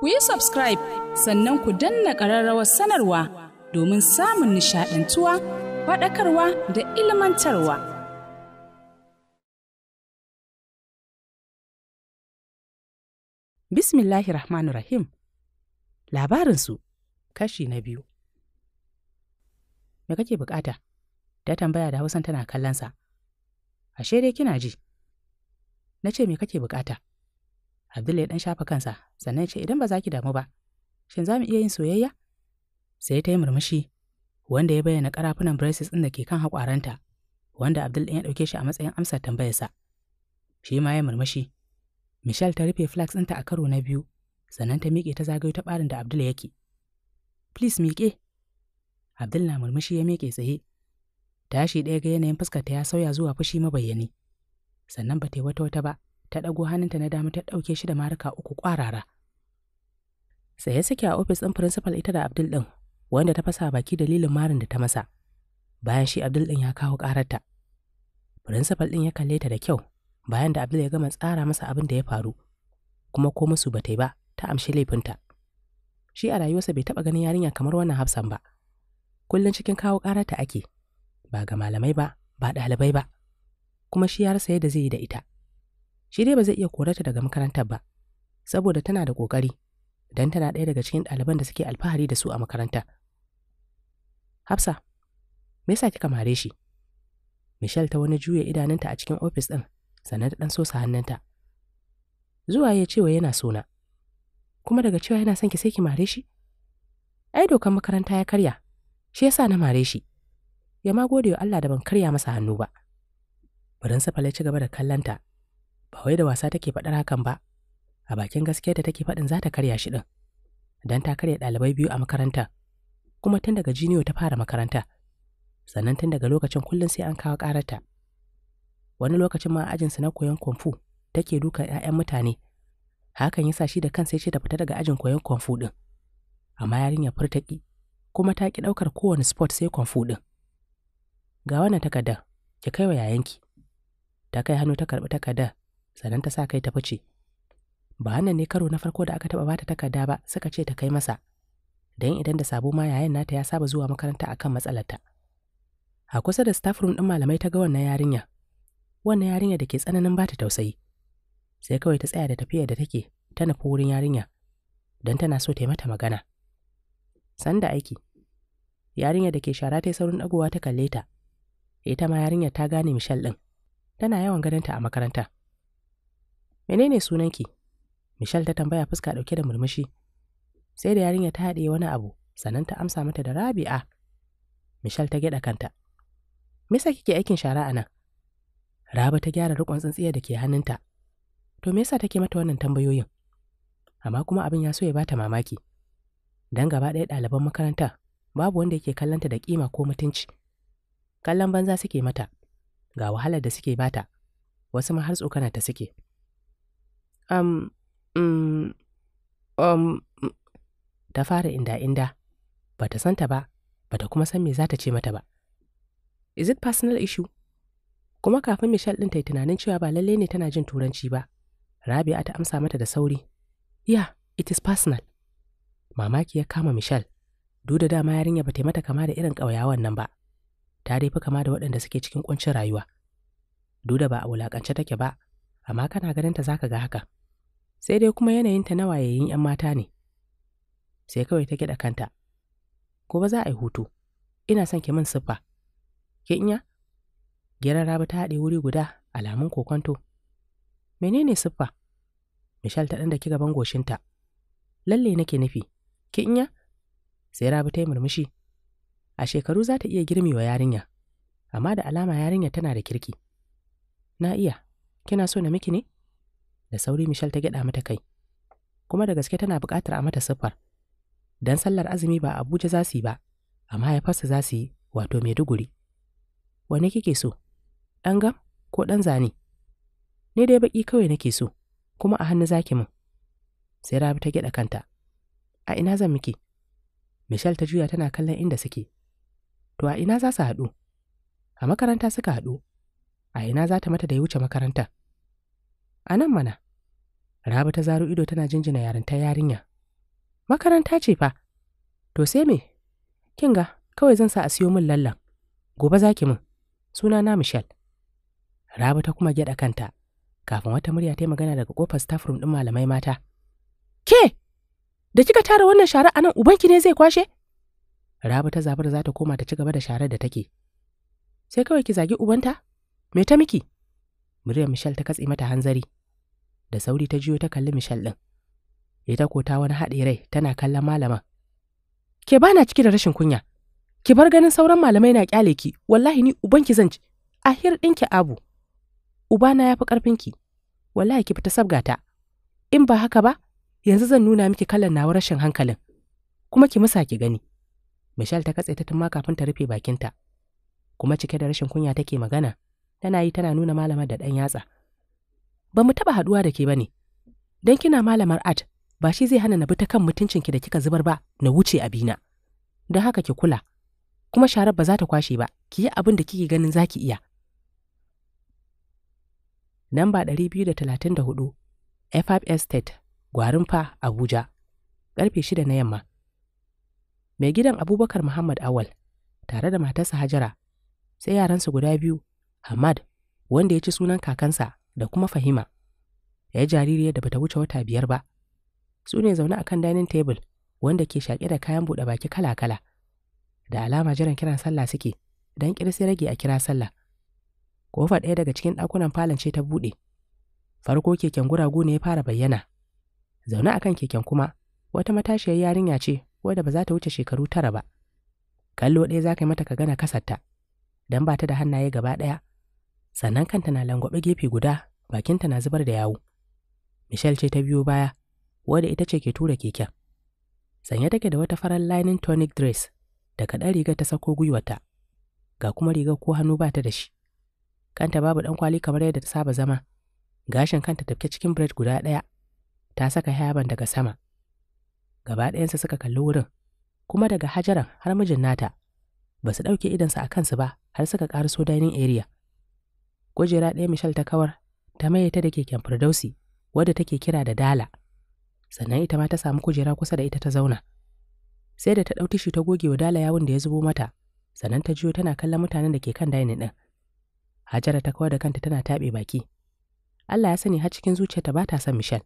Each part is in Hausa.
ku yi subscribe sannan ku danna ƙararrawar sanarwa domin samun nishaɗantuwa faɗakarwa da ilmantarwa. Bismillahir Rahmanir Rahim Labarinsu kashi na biyu Me kake bukata? Ta tambaya da Hausan tana kallonsa. Ashe dai kina ji. Na ce me kake bukata? Abdul ya ɗan shafa kansa, sannan ce idan ba za ki damu ba, shin za mu iya yin soyayya? Sai ta yi murmushi, wanda ya bayyana ƙarafunan braces ɗin da ke kan hakwaranta wanda Abdul ɗin ya dauke shi a matsayin amsar tambayarsa. Shi ma ya murmushi. Michelle ta rufe flax ɗinta a karo na biyu, sannan ta miƙe ta zagayo ta ɓarin da Abdul yake. Please miƙe. Abdul na murmushi ya miƙe tsaye. Tashi ɗaya ga yanayin fuskarta ya sauya zuwa fushi mabayyani. Sannan ba ta yi wata wata ba, ta ɗago hannunta na dama ta ɗauke shi da maruka uku ƙwarara. ya suke a ofis ɗin firinsifal ita da Abdul ɗin, wanda ta fasa baki dalilin marin da ta masa. Bayan shi Abdul ɗin ya kawo ƙararta. Firinsifal ɗin ya kalle ta da kyau, bayan da Abdul ya gama tsara masa abin da ya faru, kuma ko musu ba ta yi ba, ta amshi laifinta. Shi a rayuwarsa bai taɓa ganin yarinya kamar wannan hafsan ba. Kullum cikin kawo ƙararta ake, ba ga malamai ba, ba ɗalibai ba, kuma shi ya rasa yadda zai yi da ita. shi dai ba zai iya korata daga makarantar ba saboda tana da kokari don tana ɗaya daga cikin ɗaliban da suke alfahari da su a makaranta. Hafsa, me yasa kika mare shi? Michelle ta wani juya idanunta a cikin ofis ɗin sannan ta ɗan sosa hannunta. Zuwa ya cewa yana sona, kuma daga cewa yana son ki sai ki mare shi? Ai dokan makaranta ya karya, shi yasa na mare shi. Ya ma gode wa Allah da ban karya masa hannu ba. Barin Safale ci gaba da kallonta ba wai da wasa take faɗar hakan ba a bakin gaskiya da take faɗin za ta karya shi ɗin Dan ta karya ɗalibai biyu a makaranta kuma tun daga jiniyo ta fara makaranta sannan tun daga lokacin kullum sai an kawo ƙararta wani lokacin ma su na koyon kwamfu take dukan 'ya'yan mutane hakan ya sa shi da kansa ya ce ta fita daga ajin koyon kwamfu ɗin amma yarinya furtaki kuma ta ki ɗaukar kowane sport sai kwamfu ɗin ga wannan takardar ki kai wa yayanki ta kai hannu ta karɓi takardar sannan ta sa kai ta fice. Ba wannan ne karo na farko da aka taɓa bata takarda ba suka ce ta kai masa, don idan da sabo ma yayan nata ya saba zuwa makaranta akan matsalarta. A kusa da staff room ɗin malamai ta ga wannan yarinya, wannan yarinya da ke tsananin bata tausayi. Sai kawai ta tsaya da tafiya da take ta nufi wurin yarinya, don tana so ta yi mata magana. San da aiki, yarinya da ke shara ta yi saurin ɗagowa ta kalle ta, ita ma yarinya ta gane Michelle ɗin, tana yawan ganinta a makaranta. Menene sunanki? Michelle ta tambaya fuska ɗauke da murmushi. Sai da yarinya ta haɗe wani abu, sannan ta amsa mata da Rabi'a. Michelle ta gyaɗa kanta. Me yasa kike aikin shara a nan? Raba ta gyara rikon tsintsiyar da ke hannunta. To me yasa take mata wannan tambayoyin? Amma kuma abin ya so ya bata mamaki. Dan gaba ɗaya ɗaliban makaranta babu wanda yake kallanta da ƙima ko mutunci. Kallon banza suke mata, ga wahalar da suke bata, wasu ma har tsokana ta suke. um, um, um, ta fara inda-inda ba ta santa ba ba ta kuma san me za ta ce mata ba. Is it personal issue? Kuma kafin Michelle ɗin ta yi tunanin cewa ba lallai ne tana jin turanci ba, Rabia ta amsa mata da sauri. Yeah, it is personal. Mamaki ya kama Michelle, duk da dama yarinya ba ta mata kama da irin ƙauyawan nan ba. Ta dai fi kama da waɗanda suke cikin ƙuncin rayuwa. Duk da ba a wulaƙance take ba, amma kana ganin ta za ka ga haka. sai dai kuma yanayinta na wayayin 'yan mata ne. Sai kawai ta kiɗa kanta. Gobe za a yi hutu, ina son ki min siffa. Ki inya? Geran Rabi ta haɗe wuri guda alamun kokonto. Menene siffa? Michelle ta ɗan da ki gaban goshinta. Lalle nake nufi, ki inya? Sai Rabi ta yi murmushi. A shekaru za ta iya girmi wa yarinya, amma da alama yarinya tana da kirki. Na iya, kina so na miki ne? da sauri Michelle ta gyaɗa mata kai. Kuma da gaske tana buƙatar a mata siffar. Dan sallar azumi ba Abuja za su yi ba, amma ya fasa za su yi wato Maiduguri. Wane kike so? Ɗan gam ko ɗan zane? Ni dai baƙi kawai nake so, kuma a hannu zaki min. Sai Rabi ta gyaɗa kanta. A ina zan miki? Michelle ta juya tana kallon inda suke. To a ina za su haɗu? A makaranta suka haɗu. A ina za ta mata da ya wuce makaranta? A nan mana. Rabi ta zaro ido tana jinjina yarinta yarinya. Makaranta ce fa. To sai me? Kin ga kawai zan sa a siyo min lallan. Gobe za ki min. Suna na Michelle. Rabi ta kuma gyaɗa kanta kafin wata murya ta yi magana daga kofar staff room ɗin malamai mata. Ke! Da kika tara wannan shara a nan ubanki ne zai kwashe? Rabi ta zabar za ta koma ta ci gaba da sharar da take. Sai kawai ki zagi ubanta? Me ta miki? muryar Michelle ta katse mata hanzari. Da sauri ta jiyo ta kalli Michelle ɗin. Ita ko ta wani haɗe rai tana kallon malama. Ke bana cike da rashin kunya. Ki bar ganin sauran malamai na kyale ki, wallahi ni ubanki zan ci. Ahir ɗinki abu. Ubana ya fi ƙarfinki. Wallahi ki fita sabgata. In ba haka ba, yanzu zan nuna miki kallon nawa rashin hankalin. Kuma ki musa ki gani. Michelle ta katse ta tun kafin ta rufe bakinta. Kuma cike da rashin kunya take magana. tana yi tana nuna malamar da ɗan yatsa. Ba mu taɓa haɗuwa da ke ba ne, don kina malamar art ba shi zai hana na bi ta kan mutuncinki da kika zubar ba na wuce abina. Don haka ki kula, kuma sharar ba za ta kwashe ba, ki yi abin da kike ganin za ki iya. Namba 234 F5 Estate, Gwarinfa, Abuja, ƙarfe 6 na yamma. Mai gidan Abubakar Muhammad Awal, tare da matarsa Hajara, sai yaransa guda biyu Hamad, wanda ya ci sunan kakansa da kuma Fahima, ya jaririyar da bata wuce wata biyar ba. Su ne zaune a kan dining table wanda ke shaƙe da kayan buɗe baki kala-kala. Da alama jiran kiran sallah suke, don sai rage a kira sallah. Kofa ɗaya daga cikin ɗakunan falon ce ta buɗe. Farko keken guragu ne ya fara bayyana. Zaune akan keken kuma, wata matashiyar yarinya ce wadda ba za ta wuce shekaru tara ba. Kallo ɗaya za ka yi mata ka gana kasarta, don ba ta da hannaye gaba ɗaya, sannan kanta na langwaɓe gefe guda bakinta na zubar da yawo michelle ce ta biyo baya wadda ita ce ke tura keken sanye take da wata farar linin tonic dress da kaɗan rigar ta sako gwiwata ga kuma rigar ko hannu ba ta da shi kanta babu ɗan kwali kamar yadda ta saba zama gashin kanta tafke cikin bread guda ɗaya ta saka hayaban daga sama gaba ɗayansa suka kalli wurin kuma daga hajaran har mijin nata ba su ɗauke idansa a kansu ba har suka ƙaruso dining area Kujera ɗaya Michelle ta kawar, ta maye ta da keken Firdausi, wadda take kira da Dala. Sannan ita ma ta samu kujera kusa da ita ta zauna. Sai da ta ɗau tishi ta goge wa Dala yawon da ya zubo mata, sannan ta jiyo tana kallon mutanen da ke kan dainin ɗin. Hajara ta kawar da kanta tana taɓe baki. Allah ya sani har cikin zuciyarta ba ta son Michelle.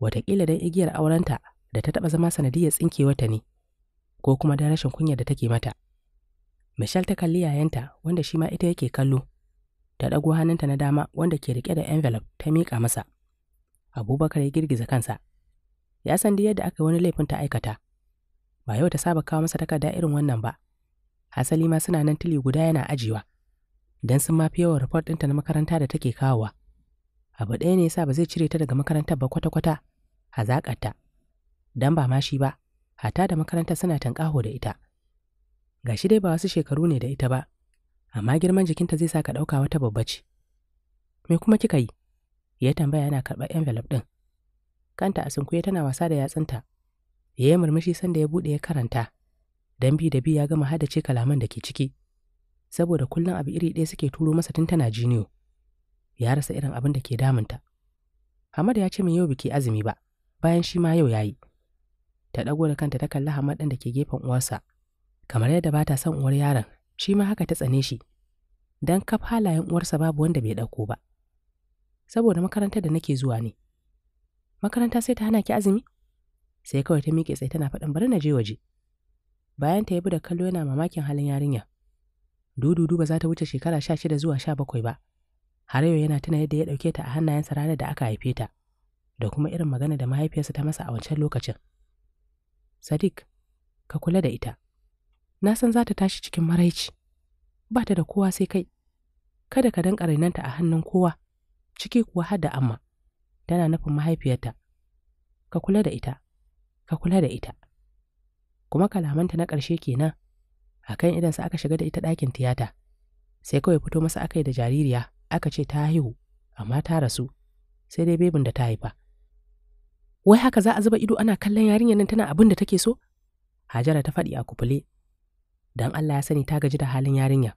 Wataƙila dan igiyar aurenta da ta taɓa zama sanadiyar ta ne, ko kuma don rashin kunya da take mata. Michelle ta kalli yayanta wanda shi ma ita yake kallo, ta ɗago hannunta na dama wanda ke riƙe da envelope ta miƙa masa. Abubakar ya girgiza kansa. Ya san dai yadda aka wani laifin ta aikata. Ba yau ta saba kawo masa takarda irin wannan ba. Hasali ma suna nan tili guda yana ajiwa. Dan sun ma fi yawan report ɗinta na makaranta da take kawowa. Abu ɗaya ne yasa ba zai cire ta daga makarantar ba kwata-kwata. Hazaƙarta. Dan ba ma shi ba, hata da makarantar suna tanƙaho da ita. Ga shi dai ba wasu shekaru ne da ita ba, amma girman jikinta zai sa ka ɗauka wata babba ce. Me kuma kika yi? Ya tambaya yana karɓar envelope ɗin. Kanta a sunkuye tana wasa da yatsunta. Ya yi murmushi sanda ya buɗe ya karanta. Dan bi da bi ya gama ce kalaman da ke ciki. Saboda kullum abu iri ɗaya suke turo masa tun tana jiniyo. Ya rasa irin abin da ke damunta. Hamad ya ce min yau biki azumi ba, bayan shi ma yau ya yi. Ta ɗago da kanta ta kalli Hamad ɗin da ke gefen uwarsa, kamar yadda ba ta son uwar yaron shi ma haka ta tsane shi, don kaf halayen uwarsa babu wanda bai ɗauko ba. Saboda makarantar da nake zuwa ne. Makaranta sai ta hana ki azumi? Sai kawai ta miƙe tsaye tana faɗin bari na je waje. Bayan ta yi da kallo yana mamakin halin yarinya. Dudu ba za ta wuce shekara sha shida zuwa sha bakwai ba. Har yau yana tuna yadda ya ɗauke ta a hannayensa ranar da aka haife ta, da kuma irin magana da mahaifiyarsa ta masa a wancan lokacin. Sadiq, ka kula da ita. na san za ta tashi cikin maraici ba ta da kowa sai kai kada ka danƙa rainanta a hannun kowa ciki kuwa har amma tana nufin mahaifiyarta ka kula da ita ka kula da ita kuma kalamanta na ƙarshe kenan a kan su aka shiga da ita ɗakin tiyata sai kawai fito masa aka yi da jaririya aka ce ta haihu amma ta rasu sai dai bebin da ta haifa wai haka za a zuba ido ana kallon yarinyar nan tana abin da take so hajara ta faɗi a kufule don Allah ya sani ta gaji da halin yarinya.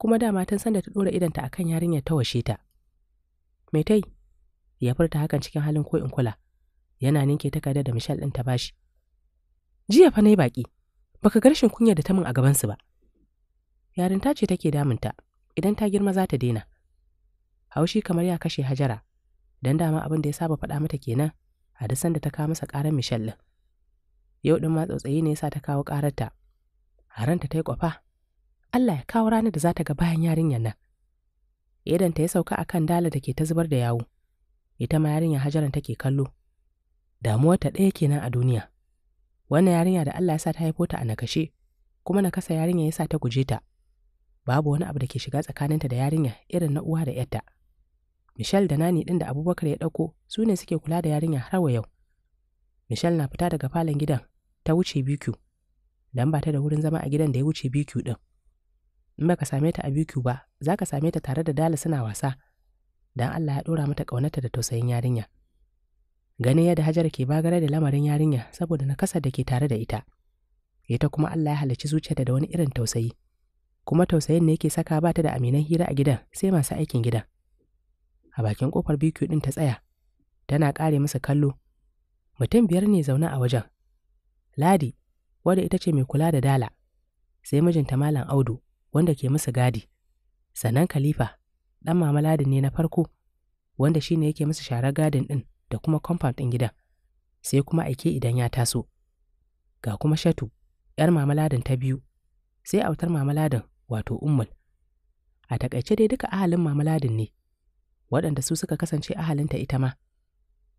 Kuma da matan sanda ta ɗora idanta akan yarinyar ta washe ta. Me tai? Ya furta hakan cikin halin ko in kula. Yana ninke takarda da Michelle ɗin ta bashi. Jiya fa na yi baƙi, baka ga rashin kunya da ta min a gabansu ba. Yarinta ce take ta, idan ta girma za ta daina. Haushi kamar ya kashe Hajara, don dama abin da ya saba faɗa mata kenan a duk sanda ta kawo masa ƙarar Michelle ɗin. Yau ɗin ma tsautsayi ne ya sa ta kawo ƙararta, ranta ta yi kwafa Allah ya kawo ranar da za ta ga bayan yarinyar nan idan ta ya sauka a kan dala da ke ta zubar da yawo ita ma yarinyar hajaran take kallo damuwar ta ɗaya kenan a duniya wannan yarinya da Allah ya sa ta haifo ta a nakashe kuma na kasa yarinya ya sa ta guje ta babu wani abu da ke shiga tsakaninta da yarinya irin na uwa da yarta Michelle da Nani ɗin da Abubakar ya ɗauko su ne suke kula da yarinya har wa yau. Michelle na fita daga falon gidan ta wuce BQ dan ba ta da wurin zama a gidan da ya wuce BQ din. In ba ka same ta a BQ ba, za ka same ta tare da Dala suna wasa, dan Allah ya ɗora mata kaunata da tausayin yarinya. Ganin yadda Hajara ke bagare da lamarin yarinya saboda kasa da ke tare da ita. Ita kuma Allah ya halicci zuciyarta da wani irin tausayi, kuma tausayin ne yake saka ba ta da aminan hira a gidan sai masu aikin gidan. A bakin kofar BQ din ta tsaya, tana kare masa kallo. Mutum biyar ne zaune a wajen. Ladi, wadda ita ce mai kula da dala, sai mijinta Malam Audu, wanda ke musu gadi, sannan Khalifa, ɗan mamaladin ne na farko, wanda shi ne yake musu sharar gadin ɗin da kuma compound ɗin gidan, sai kuma aike idan ya taso. Ga kuma Shatu, ‘yar Mama ladin ta biyu, sai autar mamaladin wato Ummul. A taƙaice dai duka ahalin mamaladin ne, waɗanda su suka kasance ahalinta ita ma,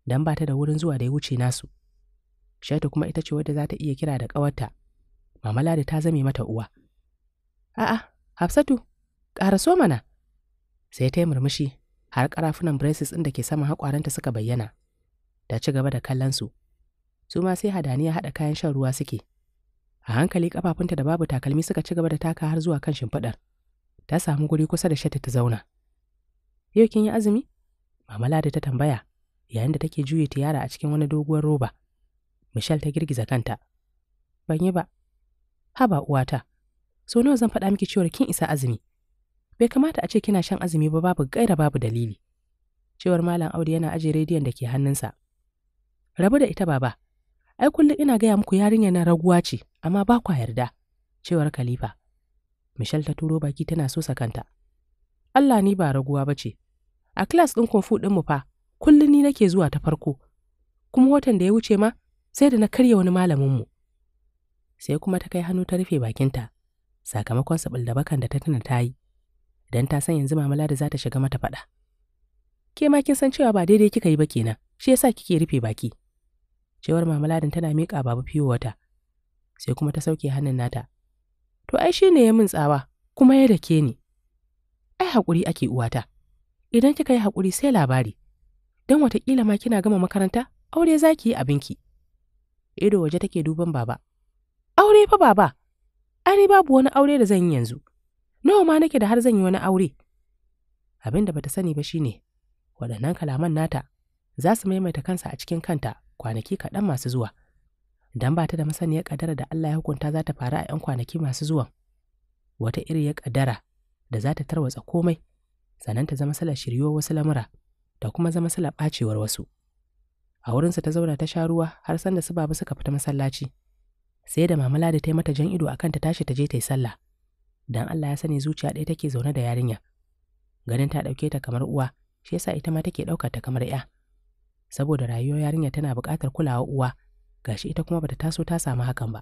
don ba ta da wurin zuwa da ya wuce nasu. Shatu kuma ita ce wadda za ta iya kira da ƙawarta. Mama Ladi ta zame mata uwa. A'a, Hafsatu, ƙaraso mana. Sai ta yi murmushi har ƙarafunan braces ɗin da ke saman haƙwaranta suka bayyana. Ta ci gaba da kallon su. ma sai hadaniya haɗa kayan shan ruwa suke. A hankali ƙafafunta da babu takalmi suka ci gaba da taka har zuwa kan shimfiɗar. Ta samu guri kusa da shata ta zauna. Yau kin yi azumi? Mama Ladi ta tambaya yayin da take juye tiyara a cikin wani doguwar roba. mishal ta girgiza kanta. Ban yi ba. Haba uwata. So nawa zan faɗa miki cewar kin isa azumi. Bai kamata a ce kina shan azumi ba babu gaira babu dalili. Cewar Malam Audu yana aje rediyon da ke hannunsa. Rabu da ita baba. Ai kullum ina gaya muku yarinyar na raguwa ce, amma ba kwa yarda. Cewar Khalifa. mishal ta turo baki tana so kanta. Allah ni ba raguwa ba ce. A kilas ɗin kumfu ɗinmu fa, kullum ni nake zuwa ta farko. Kuma watan da ya wuce ma, sai da na karya wani malaminmu. Sai kuma ta kai hannu ta rufe bakinta, sakamakon saɓil da bakan da ta tuna ta yi, don ta san yanzu mamala da za ta shiga mata faɗa. Ke ma kin san cewa ba daidai kika yi ba kenan, shi yasa kike rufe baki. Cewar mamaladin tana miƙa babu fiwo wata, sai kuma ta sauke hannun nata. To ai shi ne ya min tsawa, kuma ya dake ni. Ai haƙuri ake uwata, idan kika yi haƙuri sai labari, don watakila ma kina gama makaranta, aure za ki yi abinki. ido waje take duban baba. Aure fa baba, ai babu wani aure da zan yi yanzu, nawa ma nake da har zan yi wani aure. Abin da bata sani ba shine waɗannan kalaman nata za su maimaita kansa a cikin kanta kwanaki kaɗan masu zuwa. Dan bata ta da masaniyar ƙadara da Allah ya hukunta za ta faru a 'yan kwanaki masu zuwan. Wata iri ya ƙadara da za ta tarwatsa komai, sannan ta zama salar shiryuwar wasu lamura, da kuma zama sala ɓacewar wasu. a wurinsa ta zauna ta sha ruwa har san da su babu suka fita masallaci sai da Mama da ta yi mata jan ido akan ta tashi ta je ta yi sallah dan Allah ya sani zuciya ɗaya take zaune da yarinya ganin ta ɗauke ta kamar uwa shi yasa ita ma take ɗaukar ta kamar ya saboda rayuwar yarinya tana buƙatar kulawa uwa gashi ita kuma bata taso ta samu hakan ba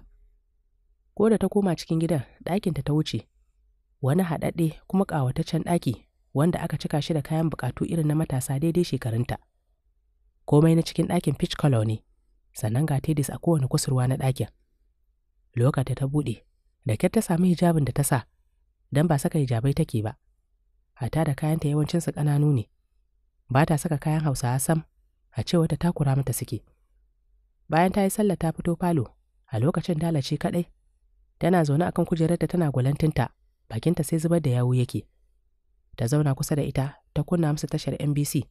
ko da ta koma cikin gidan ɗakinta ta wuce wani haɗaɗɗe kuma ƙawataccen ɗaki wanda aka cika shi da kayan buƙatu irin na matasa daidai shekarunta. komai na cikin ɗakin peach color ne, sannan ga tedis a kowane kusurwa na ɗakin. Lokata ta buɗe, da kyar ta sami hijabin da ta sa, don ba saka hijabai take ba. Hata da kayanta yawancinsu ƙananu ne, ba ta saka kayan hausawa sam, a cewa ta takura mata suke. Bayan ta yi sallah ta fito falo, a lokacin dalace kaɗai, tana zaune akan kujerar da tana gwalantinta, bakinta sai zubar da yawu yake. Ta zauna kusa da ita, ta kunna musu tashar NBC.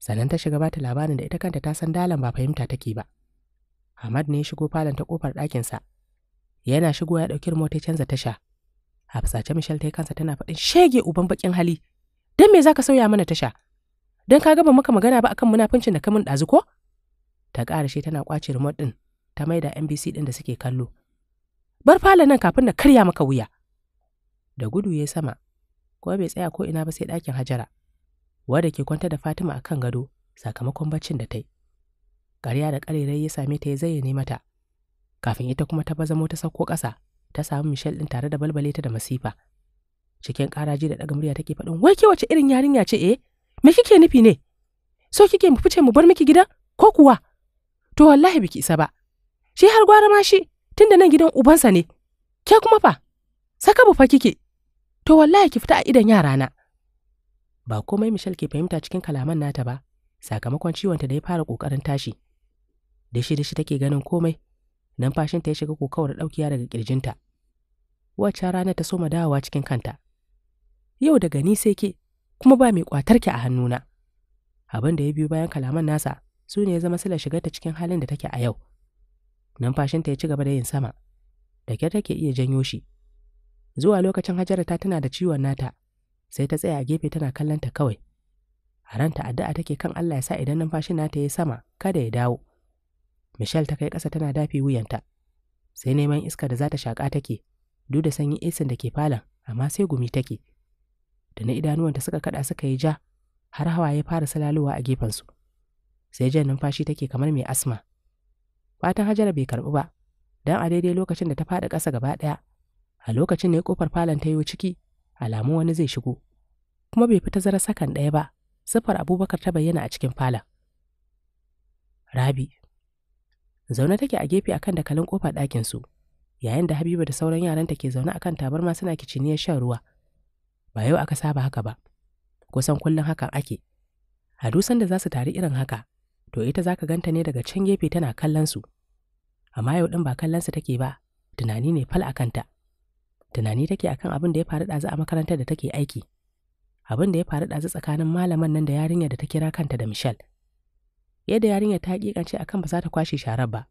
sannan ta shiga bata labarin da ita kanta ta san dalan ba fahimta take ba Ahmad ne ya shigo falon ta kofar ɗakinsa yana shigo ya ɗauki remote ya canza tasha a fasace Michelle ta yi kansa tana faɗin shege uban bakin hali dan me zaka sauya mana tasha dan ka gaba maka magana ba akan munafincin da kamun ɗazu ko ta shi tana ƙwace remote ɗin ta maida NBC ɗin da suke kallo bar falon nan kafin na karya maka wuya da gudu ya sama ko bai tsaya ko ina ba sai ɗakin hajara wadda ke kwanta da Fatima a kan gado sakamakon baccin da ta yi. Ƙarya da ƙarirai ya same ta ya zayyane mata, kafin ita kuma ta bazamo ta sauko ƙasa ta samu Michelle ɗin tare da balbale ta da masifa. Cikin ƙaraji da ɗaga murya take faɗin, wai ke wace irin yarinya ce eh? Me kike nufi ne? So kike mu fice mu bar miki gidan, ko kuwa? To wallahi biki isa ba. Shi har gwara ma shi tunda nan gidan ubansa ne. Ke kuma fa? Saka bu kike. To wallahi ki fita a idan yarana. ba komai Michelle ke fahimta cikin kalaman nata ba, sakamakon ciwonta da ya fara ƙoƙarin tashi. Dashi-dashi shi take ganin komai, numfashinta ya shiga kokawar ɗaukiya daga ƙirjinta. Wacce rana ta soma dawowa cikin kanta. Yau daga ni sai ke, kuma ba mai ƙwatar ki a hannuna. Abin da ya biyo bayan kalaman nasa su ne ya zama sila shigar ta cikin halin da take a yau. Numfashinta ya ci gaba da yin sama, da ke take iya janyo shi. Zuwa lokacin Hajara ta tana da ciwon nata, sai ta tsaya a gefe tana kallon ta kawai a ranta addu'a take kan Allah ya sa idan numfashin nata ya sama kada ya dawo Michelle ta kai ƙasa tana dafi wuyanta sai neman iska da za ta shaƙa take duk da sanyi isin da ke falon amma sai gumi take da na idanuwanta suka kaɗa suka yi ja har hawa ya fara salalowa a gefen su. sai jan numfashi take kamar mai asma fatan hajara bai karɓi ba don a daidai lokacin da ta faɗi ƙasa gaba ɗaya a lokacin ne kofar falon ta yi ciki alamun wani zai shigo kuma bai fita zara sakan ɗaya ba siffar abubakar ta bayyana a cikin falon rabi zaune take a gefe akan dakalin kofa ɗakin su yayin da habiba da sauran yaranta ke zaune akan tabarma suna kiciniyar shan ruwa ba yau aka saba haka ba kusan kullum hakan ake a dusan da za su tari irin haka to ita za ka ganta ne daga can gefe tana kallon su amma yau ɗin ba kallon su take ba tunani ne fal a kanta tunani take akan abin da ya faru ɗazu a makarantar da take aiki abin da ya faru ɗazu tsakanin malaman nan da yarinya da ta kira kanta da Michelle. Yadda yarinya ta hakikance akan ba za ta kwashe sharar ba.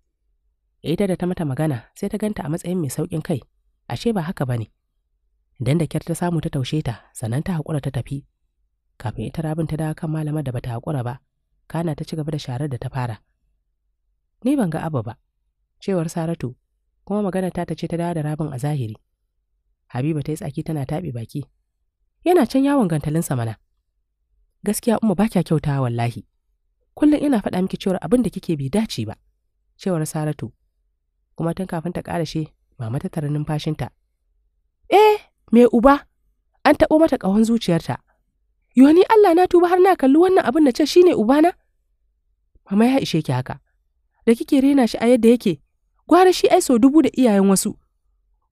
Ita da ta mata magana sai ta ganta a matsayin mai sauƙin kai, ashe ba haka ba ne. Dan da kyar ta samu ta taushe ta, sannan ta haƙura ta tafi. Kafin ita rabin ta dawo kan malamar da bata haƙura ba, kana ta ci gaba da sharar da ta fara. Ni ban ga abu ba, cewar Saratu, kuma magana ta ta ce ta dawo da rabin a zahiri. Habiba ta yi tsaki tana taɓe baki. Yana can yawon gantalinsa mana. Gaskiya Umma ba kya kyauta wallahi. Kullum ina faɗa miki cewar abin da kike bai dace ba. Cewar Saratu. Kuma tun kafin ta ƙarashe, mama ta tara numfashinta. Eh, me uba, an taɓo mata ƙahon zuciyarta. Yoni Allah na tuba har na kalli wannan abin da ce shine ubana? Mama ya ishe ki haka. Da kike rena shi a yadda yake, gwara shi ai sau dubu da iyayen wasu.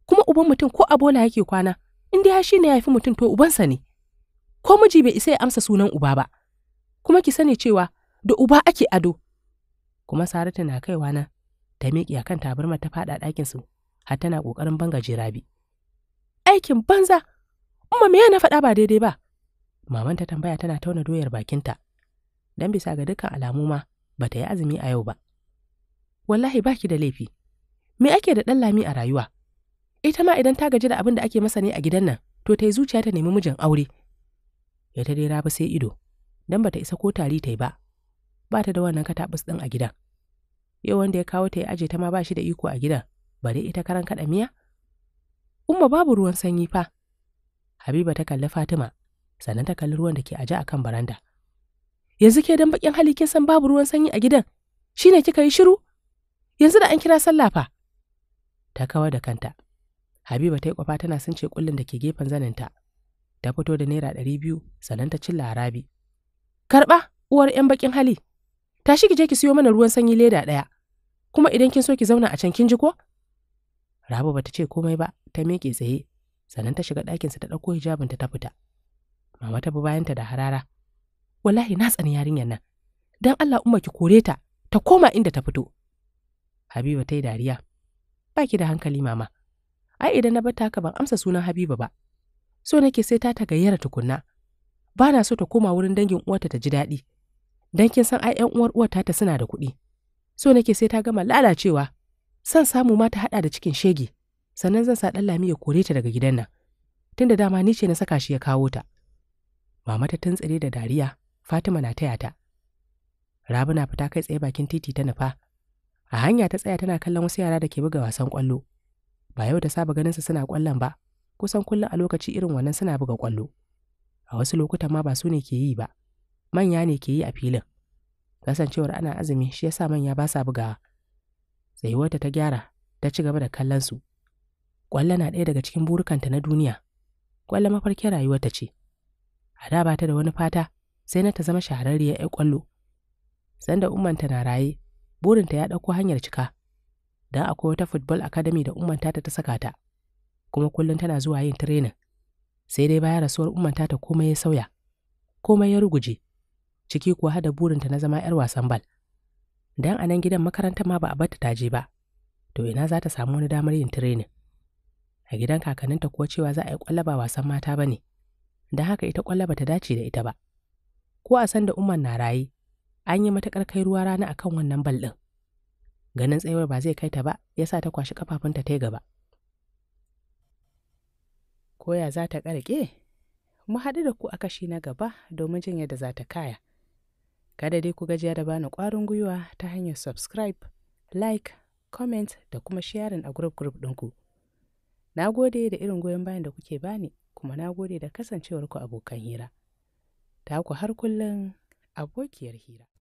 kuma uban mutum ko a yake kwana in dai shi ne ya haifi mutum to ubansa ne ko miji bai isa ya amsa sunan uba ba kuma ki sani cewa da uba ake ado kuma saratu na kaiwa na ta miƙe a kan tabarma ta faɗa ɗakin su, har tana ƙoƙarin banga rabi aikin banza umma me na faɗa ba daidai ba maman ta tambaya tana tauna doyar bakinta dan bisa ga dukkan alamu ma bata yi azumi a yau ba wallahi baki da laifi me ake da ɗan lami a rayuwa ita ma idan ta gaji da abin da ake masa ne a gidan nan to ta yi zuciya ta nemi mijin aure ya ta dai ba sai ido dan bata isa ko tari ta yi ba ba ta da wannan katabus ɗin a gidan yau wanda ya kawo ta yi aje ta ma ba shi da iko a gidan bare ita karan kaɗa miya umma babu ruwan sanyi fa habiba ta kalli fatima sannan ta kalli ruwan da ke aje a kan baranda yanzu ke dan bakin hali kin san babu ruwan sanyi a gidan shine kika yi shiru yanzu da an kira sallah fa ta kawar da kanta Habiba ta yi kwafa tana sun ce kullin da ke gefen zaninta. Ta fito da naira ɗari biyu sannan ta cilla harabi. Karɓa uwar 'yan baƙin hali. Tashi ki je ki siyo mana ruwan sanyi leda ɗaya. Kuma idan kin so ki zauna a can kin ji ko? Rabu bata ce komai ba, ta miƙe tsaye, sannan ta shiga ɗakinsa ta ɗauko hijabinta ta fita. Mama ta bi bayanta da harara. Wallahi na tsani yarinyar nan. Dan Allah umma ki kore ta, ta koma inda ta fito. Habiba ta yi dariya. Ba ki da hankali mama. ai idan na bata ka ban amsa sunan Habiba ba. So nake sai ta tagayyara tukunna. Ba na so ta koma wurin dangin uwarta ta ji daɗi. Dan kin san ai ƴan uwar uwarta ta suna da kuɗi. So nake sai ta gama lalacewa. San samu ma ta haɗa da cikin shege. Sannan zan sa ɗan Lami ya kore ta daga gidan nan. Tunda dama ni ce na saka shi ya kawo ta. Mama ta tuntsire da dariya, Fatima na taya ta. Rabi na fita kai tsaye bakin titi ta nufa. A hanya ta tsaya tana kallon wasu yara da ke buga wasan kwallo. ba yau da saba ganinsa suna ƙwallon ba, kusan kullum a lokaci irin wannan suna buga ƙwallo. A wasu lokutan ma ba su ne ke yi ba, manya ne ke yi a filin. Kasancewar ana azumi shi ya sa manya ba sa bugawa. wata ta gyara, ta ci gaba da kallon su. Ƙwallo na ɗaya daga cikin burukanta na duniya. Ƙwallo mafarkin rayuwarta ce. A da ba ta da wani fata, sai na ta zama shahararriyar 'yar ƙwallo. Sanda ummanta na raye, burinta ya ɗauko hanyar cika. don akwai wata football academy da ummanta ta saka ta kuma kullum tana zuwa yin training sai dai bayan rasuwar ummanta ta komai ya sauya komai ya ruguje ciki kuwa hada burinta na zama 'yar wasan bal don a nan gidan makaranta ma ba a bata ta je ba to ina za ta samu wani damar yin training a gidan kakanninta kuwa cewa za a yi kwallaba wasan mata ba ne don haka ita kwallaba ta dace da ita ba ko a san da umar na rayi, an yi matuƙar kai ruwa rana akan wannan bal ɗin ganin tsayuwar ba zai kai ta ba ya sa ta kwashi kafafunta ta yi gaba koya za ta ƙarƙe mu haɗu da ku a kashi na gaba domin jin yadda za ta kaya kada dai ku gajiya da bani ƙwarin gwiwa ta hanyar subscribe like comment da kuma sharing a group group ɗinku na gode da irin goyon bayan da kuke bani kuma na gode da kasancewarku abokan hira ta ku har kullum abokiyar hira